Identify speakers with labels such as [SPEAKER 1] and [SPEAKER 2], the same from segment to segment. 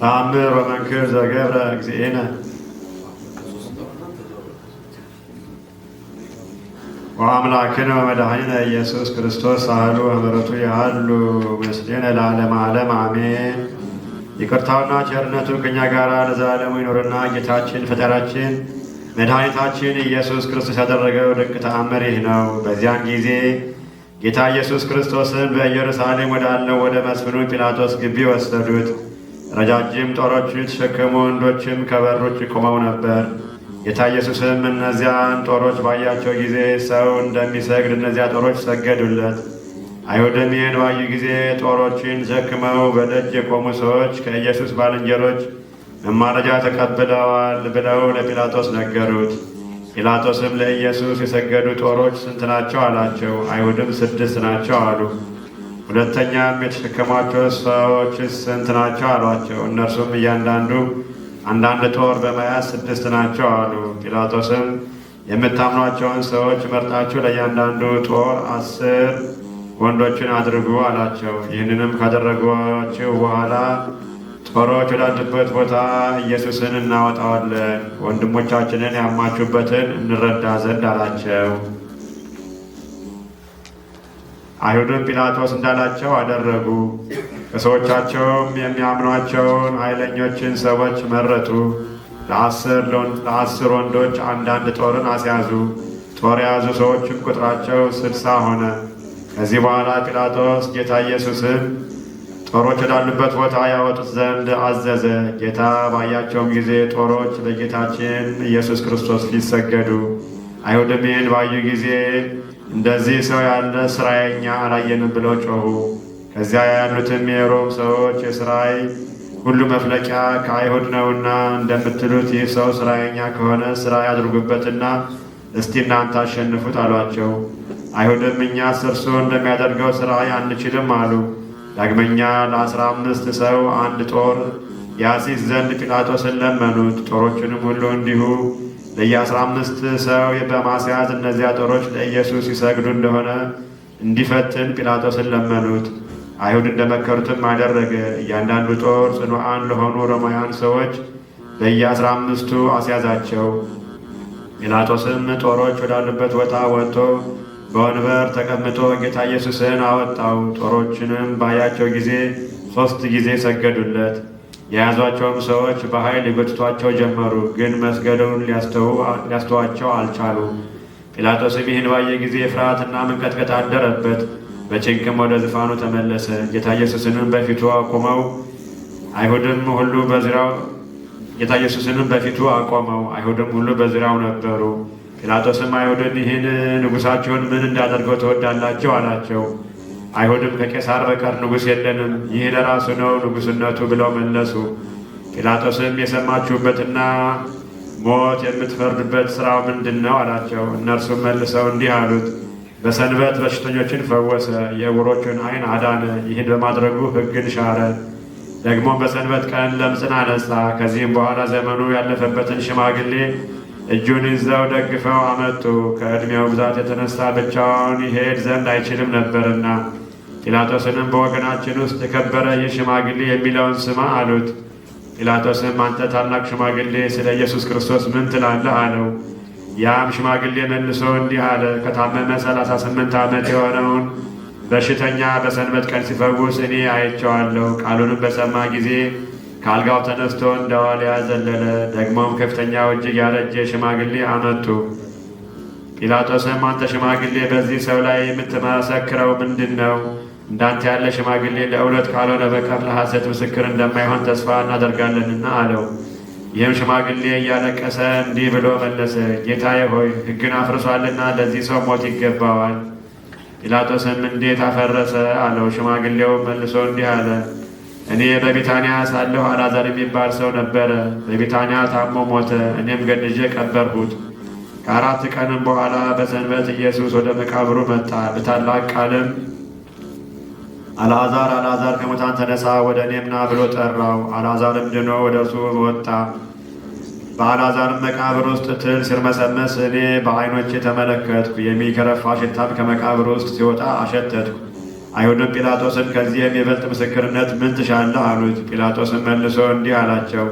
[SPEAKER 1] ተአምር ወመንክር ዘገብረ እግዚእነ ወአምላክነ ወመድኃኒነ ኢየሱስ ክርስቶስ አሐዱ ምሕረቱ ያህሉ ምስሌነ ለዓለመ ዓለም አሜን። ይቅርታውና ቸርነቱ ከእኛ ጋር ለዘላለሙ ይኖርና ጌታችን ፈጠራችን መድኃኒታችን ኢየሱስ ክርስቶስ ያደረገው ድንቅ ተአምር ይህ ነው። በዚያን ጊዜ ጌታ ኢየሱስ ክርስቶስን በኢየሩሳሌም ወዳለው ወደ መስፍኑ ጲላጦስ ግቢ ወሰዱት። ረጃጅም ጦሮችን የተሸከሙ ወንዶችም ከበሮች ቆመው ነበር። ጌታ ኢየሱስም እነዚያን ጦሮች ባያቸው ጊዜ ሰው እንደሚሰግድ እነዚያ ጦሮች ሰገዱለት። አይሁድም ይህን ባዩ ጊዜ ጦሮችን ተሸክመው በደጅ የቆሙ ሰዎች ከኢየሱስ ባልንጀሮች መማረጃ ተቀብለዋል ብለው ለጲላጦስ ነገሩት። ጲላጦስም ለኢየሱስ የሰገዱ ጦሮች ስንት ናቸው አላቸው። አይሁድም ስድስት ናቸው አሉ። ሁለተኛም የተሸከሟቸው ሰዎች ስንት ናቸው አሏቸው። እነርሱም እያንዳንዱ አንዳንድ ጦር በመያዝ ስድስት ናቸው አሉ። ጲላጦስም የምታምኗቸውን ሰዎች መርጣችሁ ለእያንዳንዱ ጦር አስር ወንዶችን አድርጉ አላቸው። ይህንንም ካደረጓችው በኋላ ጦሮች ወዳሉበት ቦታ ኢየሱስን እናወጣዋለን፣ ወንድሞቻችንን ያማችሁበትን እንረዳ ዘንድ አላቸው። አይሁድም ጲላጦስ እንዳላቸው አደረጉ። ከሰዎቻቸውም የሚያምኗቸውን ኃይለኞችን ሰዎች መረጡ። ለአስር ወንዶች አንዳንድ ጦርን አስያዙ። ጦር የያዙ ሰዎችም ቁጥራቸው ስልሳ ሆነ። ከዚህ በኋላ ጲላጦስ ጌታ ኢየሱስን ጦሮች ወዳሉበት ቦታ ያወጡት ዘንድ አዘዘ። ጌታ ባያቸውም ጊዜ ጦሮች ለጌታችን ኢየሱስ ክርስቶስ ሊሰገዱ አይሁድም ይህን ባዩ ጊዜ እንደዚህ ሰው ያለ ሥራዬ እኛ አላየንም ብለው ጮሁ። ከዚያ ያሉትም የሮም ሰዎች የስራይ ሁሉ መፍለቂያ ከአይሁድ ነውና እንደምትሉት ይህ ሰው ሥራዬኛ ከሆነ ስራ ያድርጉበትና እስቲ እናንተ አሸንፉት አሏቸው። አይሁድም እኛ እርሱ እንደሚያደርገው ስራ አንችልም አሉ። ዳግመኛ ለአስራ አምስት ሰው አንድ ጦር ያሲስ ዘንድ ጲላጦስን ለመኑት። ጦሮችንም ሁሉ እንዲሁ ለየአስራ አምስት ሰው በማስያዝ እነዚያ ጦሮች ለኢየሱስ ይሰግዱ እንደሆነ እንዲፈትን ጲላጦስን ለመኑት። አይሁድ እንደመከሩትም አደረገ። እያንዳንዱ ጦር ጽኑዓን ለሆኑ ሮማውያን ሰዎች ለየአስራ አምስቱ አስያዛቸው። ጲላጦስም ጦሮች ወዳሉበት ቦታ ወጥቶ በወንበር ተቀምጦ ጌታ ኢየሱስን አወጣው። ጦሮችንም ባያቸው ጊዜ ሦስት ጊዜ ሰገዱለት። የያዟቸውም ሰዎች በኃይል ሊጎትቷቸው ጀመሩ፣ ግን መስገደውን ሊያስተዋቸው አልቻሉ። ጲላጦስም ይህን ባየ ጊዜ ፍርሃትና መንቀጥቀጥ አደረበት፣ በጭንቅም ወደ ዙፋኑ ተመለሰ። ጌታ ኢየሱስንም በፊቱ አቆመው። አይሁድም ሁሉ በዙሪያው ጌታ ኢየሱስንም በፊቱ አቆመው፣ አይሁድም ሁሉ በዙሪያው ነበሩ። ጲላጦስም አይሁድን ይህን ንጉሳችሁን ምን እንዳደርገው ትወዳላችሁ? አላቸው። አይሁድም ከቄሳር በቀር ንጉሥ የለንም፣ ይህ ለራሱ ነው ንጉሥነቱ ብለው መለሱ። ጲላጦስም የሰማችሁበትና ሞት የምትፈርዱበት ሥራው ምንድን ነው አላቸው። እነርሱም መልሰው እንዲህ አሉት፣ በሰንበት በሽተኞችን ፈወሰ፣ የዕውሮችን ዓይን አዳነ፣ ይህን በማድረጉ ሕግን ሻረ። ደግሞም በሰንበት ቀን ለምጽን አነጻ። ከዚህም በኋላ ዘመኑ ያለፈበትን ሽማግሌ እጁን ይዘው ደግፈው አመጡ። ከዕድሜው ብዛት የተነሳ ብቻውን ይሄድ ዘንድ አይችልም ነበርና፣ ጲላጦስንም በወገናችን ውስጥ የከበረ ይህ ሽማግሌ የሚለውን ስማ አሉት። ጲላጦስም አንተ ታላቅ ሽማግሌ ስለ ኢየሱስ ክርስቶስ ምን ትላለህ? አለው። ያም ሽማግሌ መልሶ እንዲህ አለ። ከታመመ ሰላሳ ስምንት ዓመት የሆነውን በሽተኛ በሰንበት ቀን ሲፈውስ እኔ አይቼዋለሁ። ቃሉንም በሰማ ጊዜ ከአልጋው ተነስቶ እንደ ዋልያ ዘለለ። ደግሞም ከፍተኛው እጅግ ያረጀ ሽማግሌ አመጡ። ጲላጦስም አንተ ሽማግሌ በዚህ ሰው ላይ የምትመሰክረው ምንድን ነው? እንዳንተ ያለ ሽማግሌ ለእውነት ካልሆነ በቀር ለሐሰት ምስክር እንደማይሆን ተስፋ እናደርጋለንና አለው። ይህም ሽማግሌ እያለቀሰ እንዲህ ብሎ መለሰ፣ ጌታዬ ሆይ ሕግን አፍርሷልና ለዚህ ሰው ሞት ይገባዋል። ጲላጦስም እንዴት አፈረሰ? አለው። ሽማግሌው መልሶ እንዲህ አለ እኔ በቢታንያ ሳለሁ አላዛር የሚባል ሰው ነበረ። በቢታንያ ታሞ ሞተ። እኔም ገንዤ ቀበርሁት። ከአራት ቀንም በኋላ በሰንበት ኢየሱስ ወደ መቃብሩ መጣ። በታላቅ ቃልም አልዓዛር አልዓዛር ከሙታን ተነሳ፣ ወደ እኔም ና ብሎ ጠራው። አልዓዛርም ድኖ ወደ እርሱ ወጣ። በአልዓዛርም መቃብር ውስጥ ትል ሲርመሰመስ እኔ በዓይኖቼ ተመለከትኩ። የሚከረፋ ሽታም ከመቃብር ውስጥ ሲወጣ አሸተትኩ። አይሁድም ጲላጦስን ከዚህም የበልጥ ምስክርነት ምን ትሻለህ አሉት። ጲላጦስን መልሶ እንዲህ አላቸው፣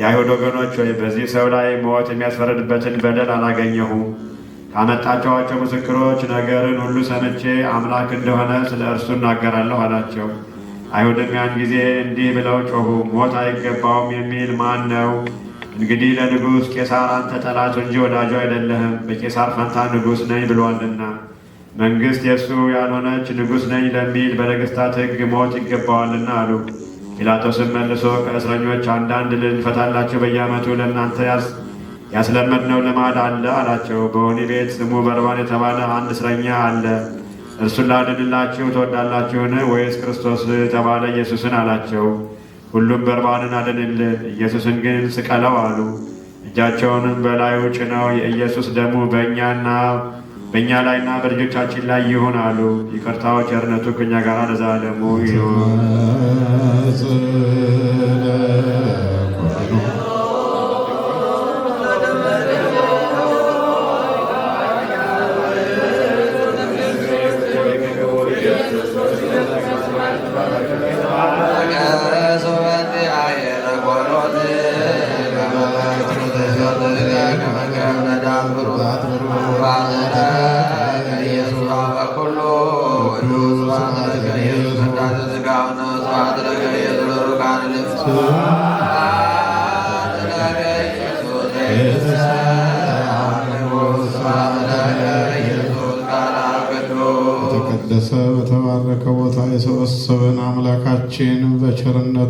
[SPEAKER 1] የአይሁድ ወገኖች ሆይ በዚህ ሰው ላይ ሞት የሚያስፈርድበትን በደል አላገኘሁም። ካመጣቸዋቸው ምስክሮች ነገርን ሁሉ ሰምቼ አምላክ እንደሆነ ስለ እርሱ እናገራለሁ አላቸው። አይሁድም ያን ጊዜ እንዲህ ብለው ጮኹ፣ ሞት አይገባውም የሚል ማን ነው? እንግዲህ ለንጉሥ ቄሳር አንተ ጠላቱ እንጂ ወዳጁ አይደለህም፣ በቄሳር ፈንታ ንጉሥ ነኝ ብሏልና። መንግሥት የእሱ ያልሆነች ንጉሥ ነኝ ለሚል በነገሥታት ሕግ ሞት ይገባዋልና አሉ። ጲላጦስም መልሶ ከእስረኞች አንዳንድ ልንፈታላቸው በየዓመቱ ለእናንተ ያስለመድነው ልማድ አለ አላቸው። በወህኒ ቤት ስሙ በርባን የተባለ አንድ እስረኛ አለ። እርሱን ላድንላችሁ ትወዳላችሁን? ወይስ ክርስቶስ የተባለ ኢየሱስን አላቸው። ሁሉም በርባንን አድንልን፣ ኢየሱስን ግን ስቀለው አሉ። እጃቸውንም በላዩ ጭነው የኢየሱስ ደሙ በእኛና በእኛ ላይና በልጆቻችን ላይ ይሆናሉ። ይቅርታው ቸርነቱ ከኛ ጋር ለዘላለሙ ይሆን።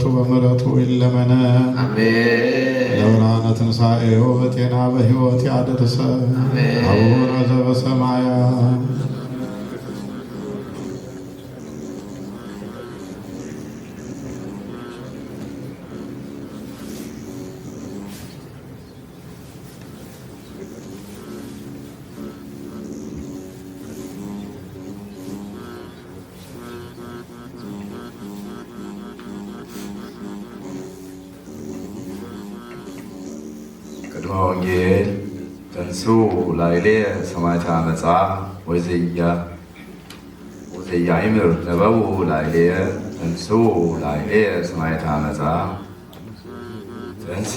[SPEAKER 2] በምሕረቱ ይለመነን። ለብርሃነ ትንሣኤው በጤና በሕይወት ያደርሰን። አቡነ ዘበሰማያት ወንጌል ላይሌ ተንሱ መጻ ወዘያ ወዘያ ይምር ነበቡ ላይሌ ተንሱ ላይሌ ሰማዕተ መጻ ተንስ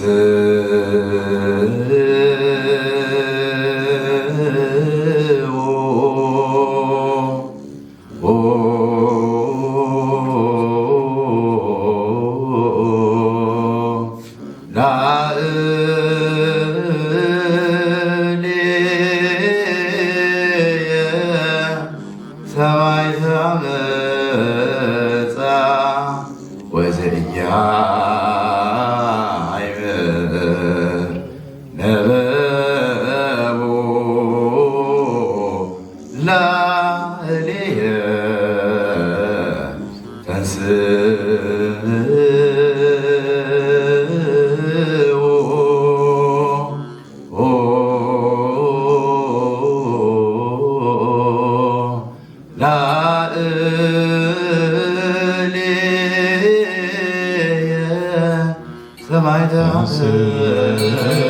[SPEAKER 2] Amen.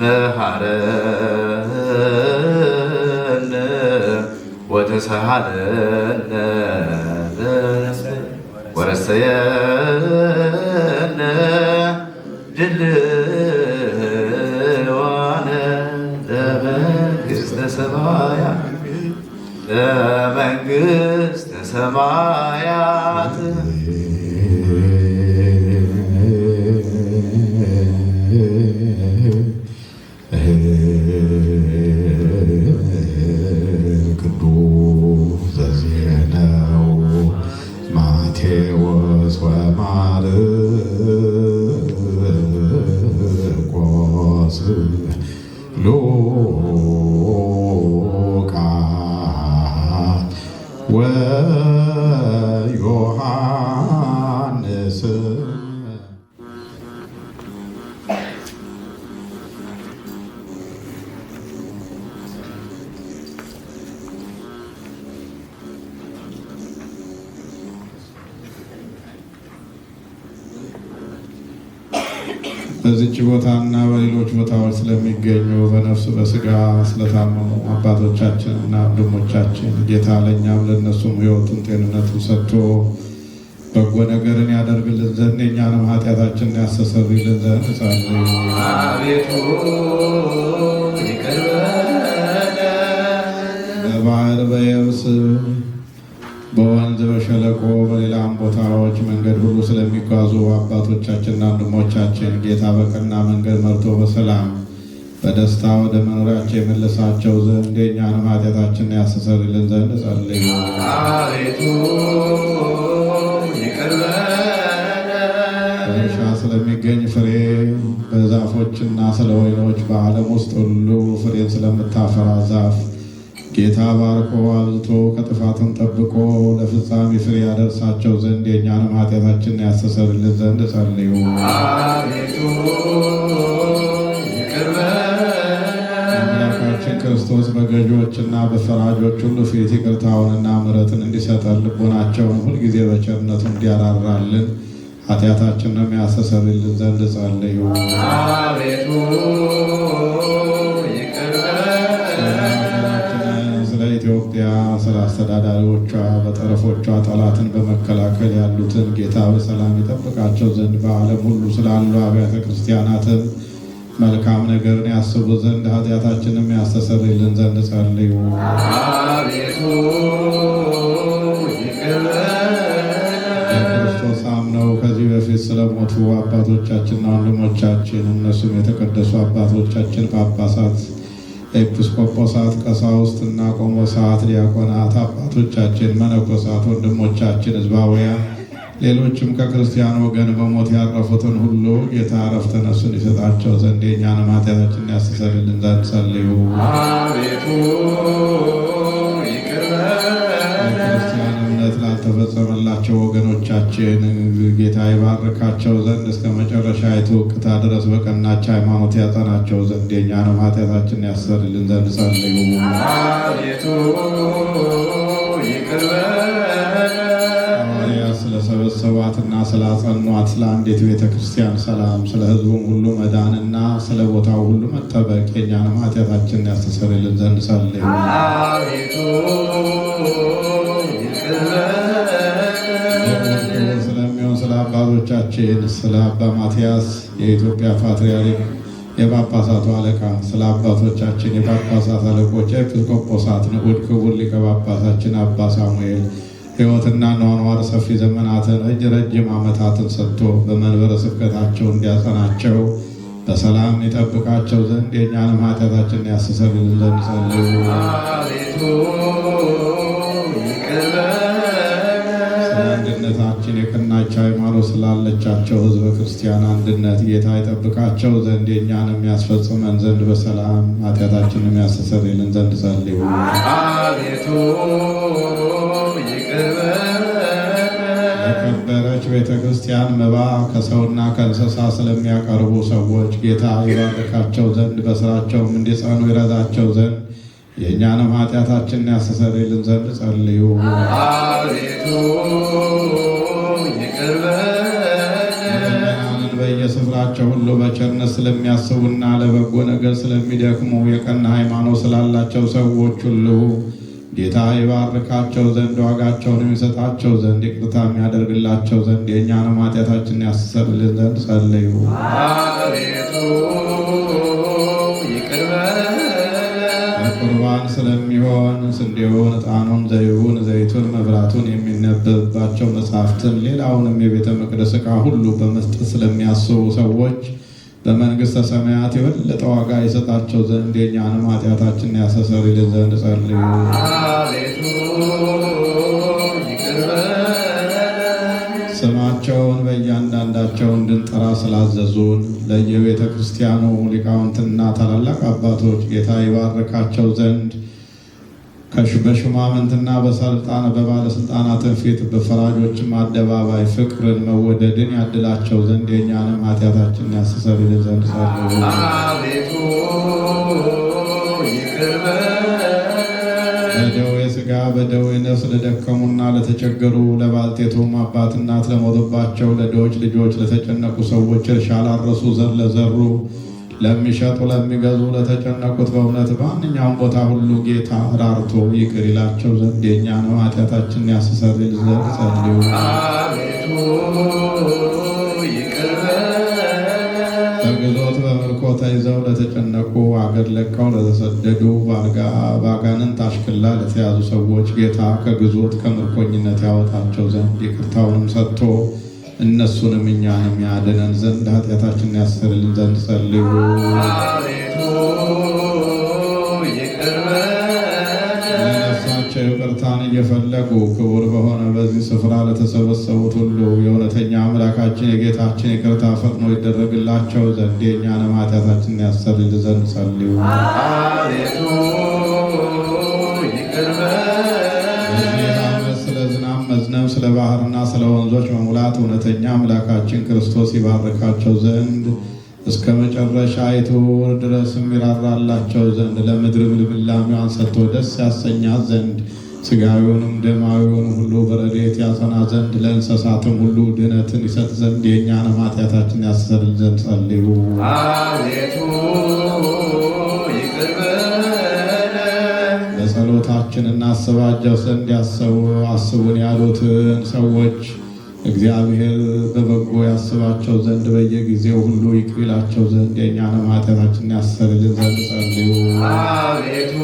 [SPEAKER 2] መሃረነ ወተሰሃለነ ወረሰየነ ድልዋነ ለመንግሥተ ሰማያ ለመንግሥተ ሰማያ
[SPEAKER 3] ስለሚገኙ በነፍስ በስጋ ስለታመሙ አባቶቻችን እና ወንድሞቻችን ጌታ ለእኛም ለእነሱም ህይወቱን ጤንነቱን ሰጥቶ በጎ ነገርን ያደርግልን ዘንድ የእኛንም ኃጢአታችንን ያስተሰርይልን ዘንድ ጸልዩ። በባህር በየብስ በወንዝ በሸለቆ በሌላም ቦታዎች መንገድ ሁሉ ስለሚጓዙ አባቶቻችንና ወንድሞቻችን ጌታ በቀና መንገድ መርቶ በሰላም በደስታ ወደ መኖሪያቸው የመለሳቸው ዘንድ የእኛንም ኃጢአታችንን ያስተሰርይልን ዘንድ ጸልዩ። በእርሻ ስለሚገኝ ፍሬ በዛፎችና ስለ ወይኖች በዓለም ውስጥ ሁሉ ፍሬን ስለምታፈራ ዛፍ ጌታ ባርኮ አብዝቶ ከጥፋትም ጠብቆ ለፍጻሜ ፍሬ ያደርሳቸው ዘንድ የእኛንም ኃጢአታችንን ያስተሰርይልን ዘንድ ጸልዩ። ክርስቶስ በገዢዎችና በፈራጆች ሁሉ ፊት ይቅርታውንና ምሕረትን እንዲሰጠን ልቦናቸውን ሁልጊዜ በቸርነቱ እንዲያራራልን ኃጢአታችንን የሚያስተሰርይልን ዘንድ ጸልዩ። አቤቱ ስለ ኢትዮጵያ ስለ አስተዳዳሪዎቿ በጠረፎቿ ጠላትን በመከላከል ያሉትን ጌታ በሰላም ይጠብቃቸው ዘንድ በዓለም ሁሉ ስላሉ አብያተ ክርስቲያናትን መልካም ነገርን ያስቡ ዘንድ ኃጢአታችንም ያስተሰርይልን ዘንድ ጸልዩ። ክርስቶስ አምነው ከዚህ በፊት ስለሞቱ አባቶቻችንና ወንድሞቻችን እነሱም የተቀደሱ አባቶቻችን ጳጳሳት፣ ኤጲስቆጶሳት፣ ቀሳውስት እና ቆሞሳት፣ ዲያቆናት አባቶቻችን፣ መነኮሳት፣ ወንድሞቻችን ህዝባውያን ሌሎችም ከክርስቲያን ወገን በሞት ያረፉትን ሁሉ ጌታ ዕረፍተ ነፍስን ይሰጣቸው ዘንድ የእኛን ኃጢአታችንን ያስተሰርይልን ዘንድ ጸልዩ። አቤቱ የክርስቲያን እምነት ላልተፈጸመላቸው ወገኖቻችን ጌታ ይባርካቸው ዘንድ እስከ መጨረሻ የትውቅታ ድረስ በቀናች ሃይማኖት ያጠናቸው ዘንድ የእኛን ኃጢአታችንን ያስተሰርይልን ዘንድ ጸልዩ። አቤቱ ይቅር ስለሰበሰቧትና ስላጸኗት ስለ አንዲት ቤተ ክርስቲያን ሰላም፣ ስለ ሕዝቡም ሁሉ መዳንና ስለ ቦታው ሁሉ መጠበቅ የእኛንም ኃጢአታችንን ያስተሰርይልን ዘንድ ጸልዩ። ስለሚሆን ስለ አባቶቻችን ስለ አባ ማትያስ የኢትዮጵያ ፓትርያርክ የጳጳሳቱ አለቃ ስለ አባቶቻችን የጳጳሳት አለቆች ኤጲስቆጶሳት ንዑድ ክቡር ሊቀ ጳጳሳችን አባ ሳሙኤል ሕይወትና ኗኗር ሰፊ ዘመናትን እጅ ረጅም ዓመታትን ሰጥቶ በመንበረ ስብከታቸው እንዲያጸናቸው በሰላም ይጠብቃቸው ዘንድ የእኛንም ኃጢአታችንን ያስተሰርይልን ዘንድ ጸልዩ። ስለ አንድነታችን የቀናች ሃይማኖት ስላለቻቸው ህዝበ ክርስቲያን አንድነት ጌታ ይጠብቃቸው ዘንድ የእኛንም ያስፈጽመን ዘንድ በሰላም ኃጢአታችንን ያስተሰርይልን ዘንድ ጸልዩ። አቤቱ የከበረች ቤተ ክርስቲያን መባ ከሰውና ከእንስሳ ስለሚያቀርቡ ሰዎች ጌታ ይባርካቸው ዘንድ በስራቸውም እንዲጸኑ ይረዳቸው ዘንድ የእኛንም ኃጢአታችንን ያስተሰርይልን ዘንድ ጸልዩ። አቤቱ ይቅር በየስፍራቸው ሁሉ በቸርነት ስለሚያስቡና ለበጎ ነገር ስለሚደክሙ የቀና ሃይማኖት ስላላቸው ሰዎች ሁሉ ጌታ ይባርካቸው ዘንድ ዋጋቸውን የሚሰጣቸው ዘንድ ይቅርታ የሚያደርግላቸው ዘንድ የእኛንም ኃጢአታችንን ያስተሰርይልን ዘንድ ጸልዩ። ቁርባን ስለሚሆን ስንዴውን፣ ዕጣኑን፣ ዘይቡን፣ ዘይቱን፣ መብራቱን የሚነበብባቸው መጽሐፍትን ሌላውንም የቤተ መቅደስ ዕቃ ሁሉ በመስጠት ስለሚያስቡ ሰዎች ለመንግሥተ ሰማያት የበለጠ ዋጋ ይሰጣቸው ዘንድ የእኛንም ኃጢአታችንን ያስተሰርይልን ዘንድ ጸልዩ። ስማቸውን በእያንዳንዳቸው እንድንጠራ ስላዘዙን ለየቤተ ክርስቲያኑ ሊቃውንትና ታላላቅ አባቶች ጌታ ይባርካቸው ዘንድ በሹማምንትና በሰልጣን በባለስልጣናት ፊት በፈራጆችም አደባባይ ፍቅርን መወደድን ያድላቸው ዘንድ የእኛንም ኃጢአታችንን ያስተሰርይልን ዘንድ አቤቱ በደዌ ሥጋ በደዌ ነፍስ ለደከሙና ለተቸገሩ ለባልቴቶም አባት እናት ለሞቱባቸው ለድሆች ልጆች ለተጨነቁ ሰዎች እርሻ ላረሱ ዘር ለዘሩ ለሚሸጡ ለሚገዙ፣ ለተጨነቁት በእውነት ማንኛውም ቦታ ሁሉ ጌታ ራርቶ ይቅር ይላቸው ዘንድ ነው ኃጢአታችንን ያስተሰርይልን ዘንድ ጸልዩ። በግዞት በምልኮ ተይዘው ለተጨነቁ፣ አገር ለቀው ለተሰደዱ፣ በአጋንንት አሽክላ ለተያዙ ሰዎች ጌታ ከግዞት ከምርኮኝነት ያወጣቸው ዘንድ ይቅርታውንም ሰጥቶ እነሱንም እኛንም ያድነን ዘንድ ኃጢአታችንን ያሰርልን ዘንድ ጸልዩ። ይቅርታን እየፈለጉ ክቡር በሆነ በዚህ ስፍራ ለተሰበሰቡት ሁሉ የእውነተኛ አምላካችን የጌታችን ይቅርታ ፈጥኖ ይደረግላቸው ዘንድ የእኛንም ኃጢአታችንን ያሰርልን ዘንድ ጸልዩ። ባህርና ስለ ወንዞች መሙላት እውነተኛ አምላካችን ክርስቶስ ይባርካቸው ዘንድ እስከ መጨረሻ የትውር ድረስም ይራራላቸው ዘንድ ለምድርም ልምላሜዋን ሰጥቶ ደስ ያሰኛት ዘንድ ስጋዊውንም ደማዊውን ሁሉ በረድኤት ያጸና ዘንድ ለእንስሳትም ሁሉ ድህነትን ይሰጥ ዘንድ የእኛንም ኃጢአታችን ያስተሰርይ ዘንድ ጸልዩ። ጌታችን እናሰባጀው ዘንድ አስቡን ያሉትን ሰዎች እግዚአብሔር በበጎ ያስባቸው ዘንድ በየጊዜው ሁሉ ይቅር ይላቸው ዘንድ የእኛንም ኃጢአታችንን ያሰርልን ዘንድ ጸልዩ። አቤቱ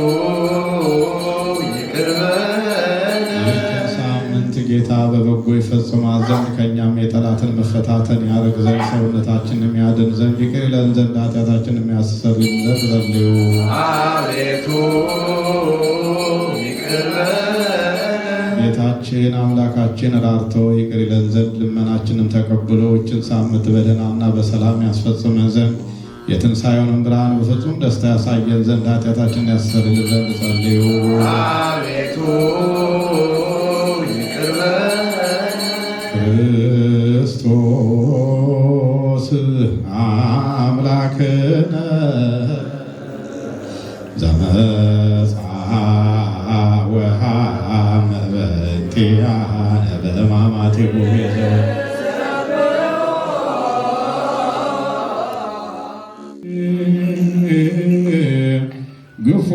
[SPEAKER 3] ሳምንት ጌታ በበጎ ይፈጽማ ዘንድ ከእኛም የጠላትን መፈታተን ያደርግ ዘንድ ሰውነታችን የሚያድን ዘንድ ይቅር ይለን ዘንድ ኃጢአታችን የሚያሰርልን ዘንድ ጸልዩ። አቤቱ ጌታችን አምላካችን ራርቶ ይቅር ይለን ዘንድ ልመናችንን ተቀብሎ ይችን ሳምንት በደህናና በሰላም ያስፈጽመን ዘንድ የትንሣኤውንም ብርሃን በፍጹም ደስታ ያሳየን ዘንድ ኃጢአታችን ያሰርልን ዘንድ ጸልዩ። ክርስቶስ አምላክነ ዘመን ክርስቲያን በሕማማቲሁ ግፎ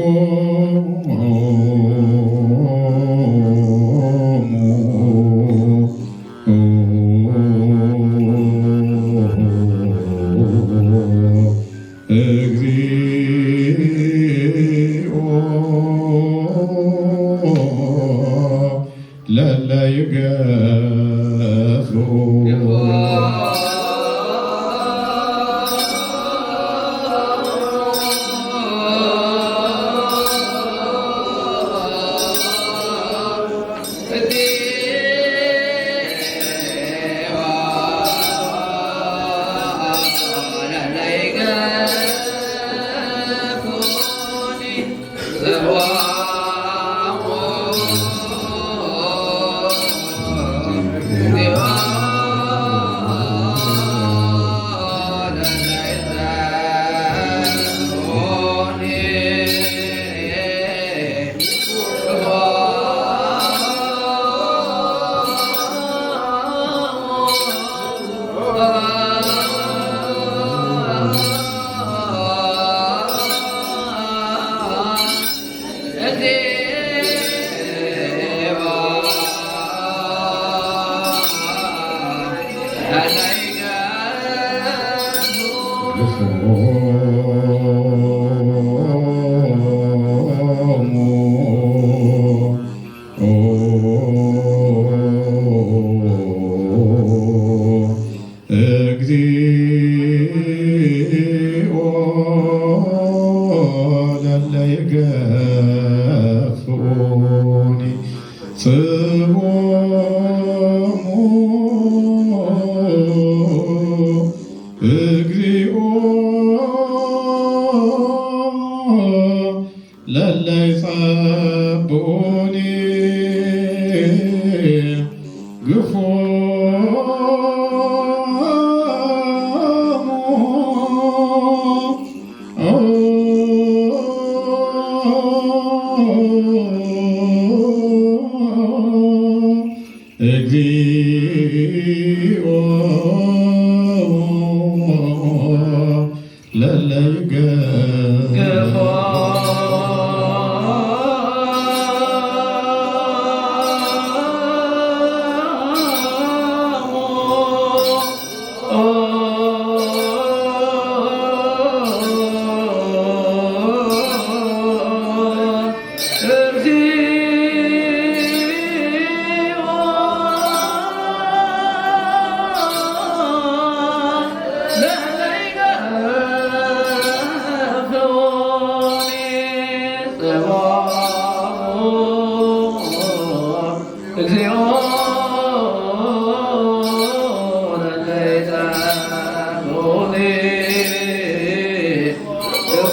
[SPEAKER 3] you good.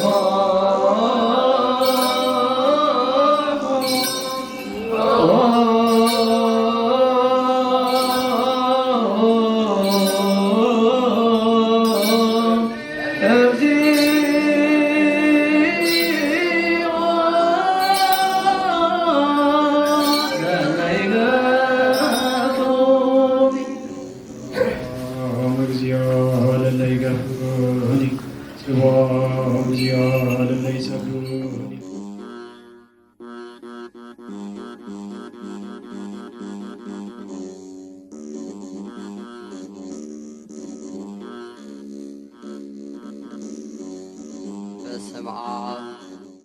[SPEAKER 3] Har